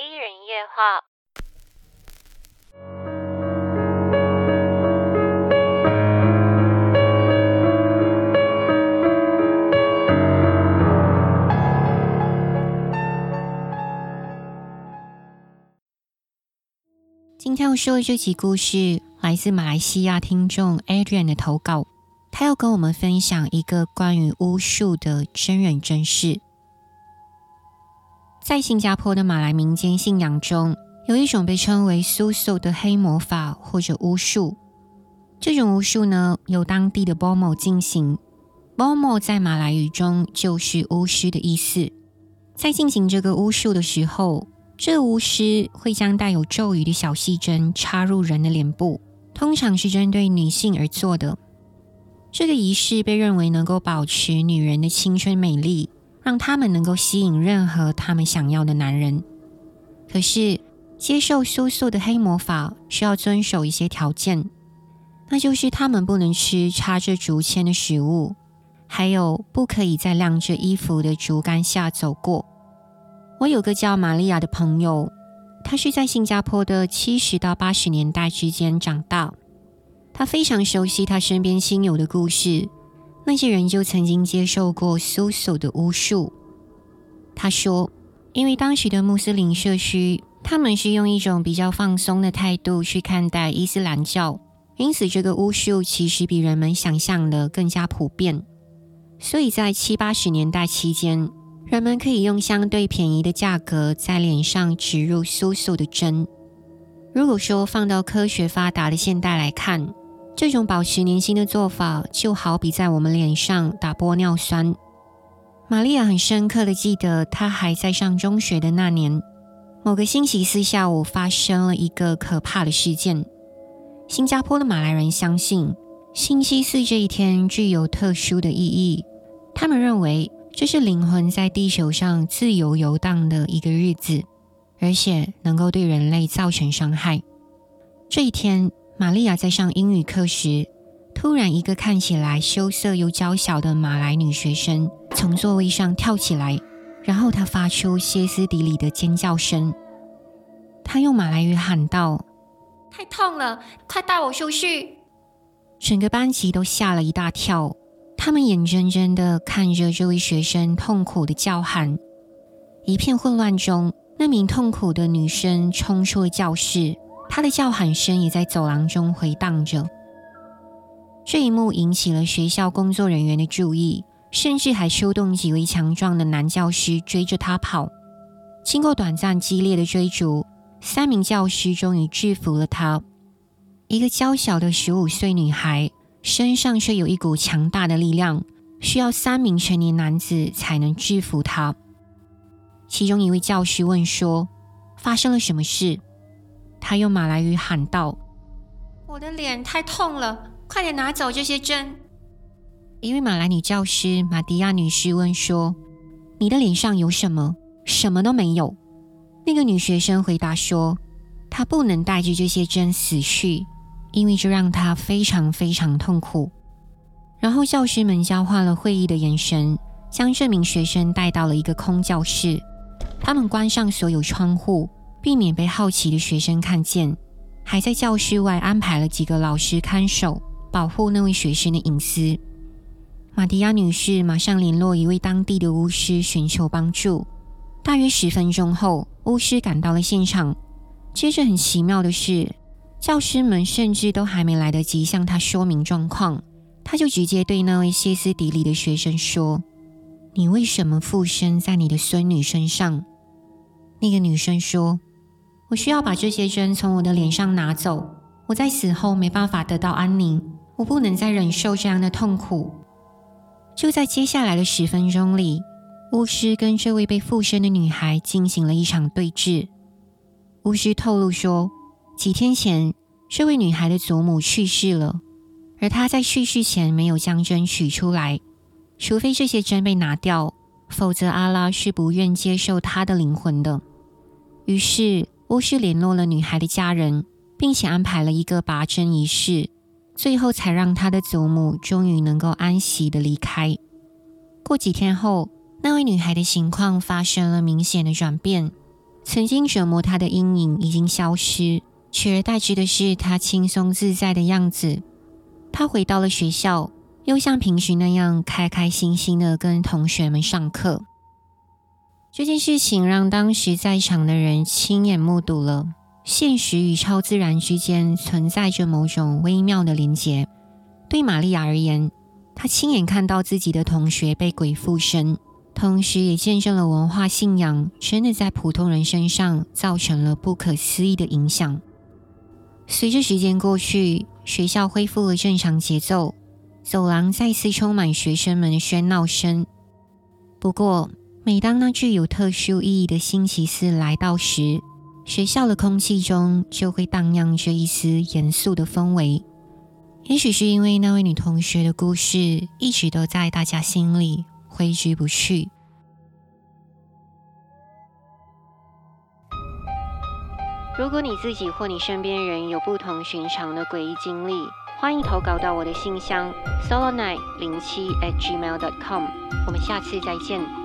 一人夜話。今天要說的這集故事，來自馬來西亞聽眾 Adrian 的投稿。他要跟我們分享一個關於巫術的真人真事。在新加坡的馬來民間信仰中，有一種被稱為 “Susuk” 的黑魔法或者巫術。這種巫術呢，由當地的 Bomo 進行。Bomo 在馬來語中就是巫師的意思。在進行這個巫術的時候，這巫師會將帶有咒語的小細針插入人的臉部，通常是針對女性而做的。這個儀式被認為能夠保持女人的青春美麗。讓他們能夠吸引任何他們想要的男人。可是，接受蘇素的黑魔法需要遵守一些條件，那就是他們不能吃插着竹簽的食物，還有不可以在晾着衣服的竹竿下走過。我有個叫瑪利亞的朋友，她是在新加坡的七十到八十年代之間長大，她非常熟悉她身邊親友的故事。那些人就曾經接受過 Susuk 的巫術。他說：“因為當時的穆斯林社區，他們是用一種比較放鬆的態度去看待伊斯蘭教，因此這個巫術其實比人們想象的更加普遍。所以在七八十年代期間，人們可以用相對便宜的價格在臉上植入 Susuk 的針。如果說放到科學發達的現代來看，這種保持年輕的做法，就好比在我們臉上打玻尿酸。瑪利亞很深刻地記得，她還在上中學的那年，某個星期四下午發生了一個可怕的事件。新加坡的馬來人相信，星期四這一天具有特殊的意義。他們認為，這是靈魂在地球上自由遊蕩的一個日子，而且能夠對人類造成傷害。這一天，瑪利亞在上英語課時，突然一個看起來羞澀又嬌小的馬來女學生從座位上跳起來，然後她發出歇斯底里的尖叫聲。她用馬來語喊道：“太痛了，快帶我出去！”整個班級都嚇了一大跳，他們眼睜睜的看着這位學生痛苦的叫喊。一片混亂中，那名痛苦的女生衝出了教室。他的叫喊聲也在走廊中迴盪着。這一幕引起了學校工作人員的注意，甚至還出動幾位強壯的男教師追着他跑。經過短暫激烈的追逐，三名教師終於制服了他。一個嬌小的十五歲女孩身上卻有一股強大的力量，需要三名成年男子才能制服她。其中一位教師問說：“發生了什麼事？”他用馬來語喊道：“我的臉太痛了，快點拿走這些針！”一位馬來女教師馬迪亞女士問說：“你的臉上有什麼？”“什麼都沒有。”那個女學生回答說：“她不能帶着這些針死去，因為這讓她非常非常痛苦。”然後教師們交換了會意的眼神，將這名學生帶到了一個空教室。他們關上所有窗戶。避免被好奇的學生看見，還在教室外安排了幾個老師看守，保護那位學生的隱私。瑪蒂亞女士馬上聯絡一位當地的巫師尋求幫助。大約十分鐘後，巫師趕到了現場。接着很奇妙的是，教師們甚至都還沒來得及向他說明狀況，他就直接對那位歇斯底里的學生說：“你為什麼附身在你的孫女身上？”那個女生說，我需要把這些針從我的臉上拿走。我在死後沒辦法得到安寧，我不能再忍受這樣的痛苦。就在接下來的十分鐘裡，巫師跟這位被附身的女孩進行了一場對峙。巫師透露說，幾天前這位女孩的祖母去世了，而她在去世前沒有將針取出來，除非這些針被拿掉，否則阿拉是不願接受她的靈魂的。於是，巫師聯絡了女孩的家人，並且安排了一個拔針儀式，最後才讓她的祖母終於能夠安息的離開。過幾天後，那位女孩的情況發生了明顯的轉變，曾經折磨她的陰影已經消失，取而代之的是她輕鬆自在的樣子。她回到了學校，又像平時那樣開開心心地跟同學們上課。這件事情讓當時在場的人親眼目睹了現實與超自然之間存在着某種微妙的連接。對瑪利亞而言，她親眼看到自己的同學被鬼附身，同時也見證了文化信仰真的在普通人身上造成了不可思議的影響。隨着時間過去，學校恢復了正常節奏，走廊再次充滿學生們的喧鬧聲。不過，每當那具有特殊意義的星期四來到時，學校的空氣中就會蕩漾着一絲嚴肅的氛圍。也許是因為那位女同學的故事一直都在大家心裡揮之不去。如果你自己或你身邊人有不同尋常的詭異經歷，歡迎投稿到我的信箱 solonight 零七 at gmail dot com。我們下次再見。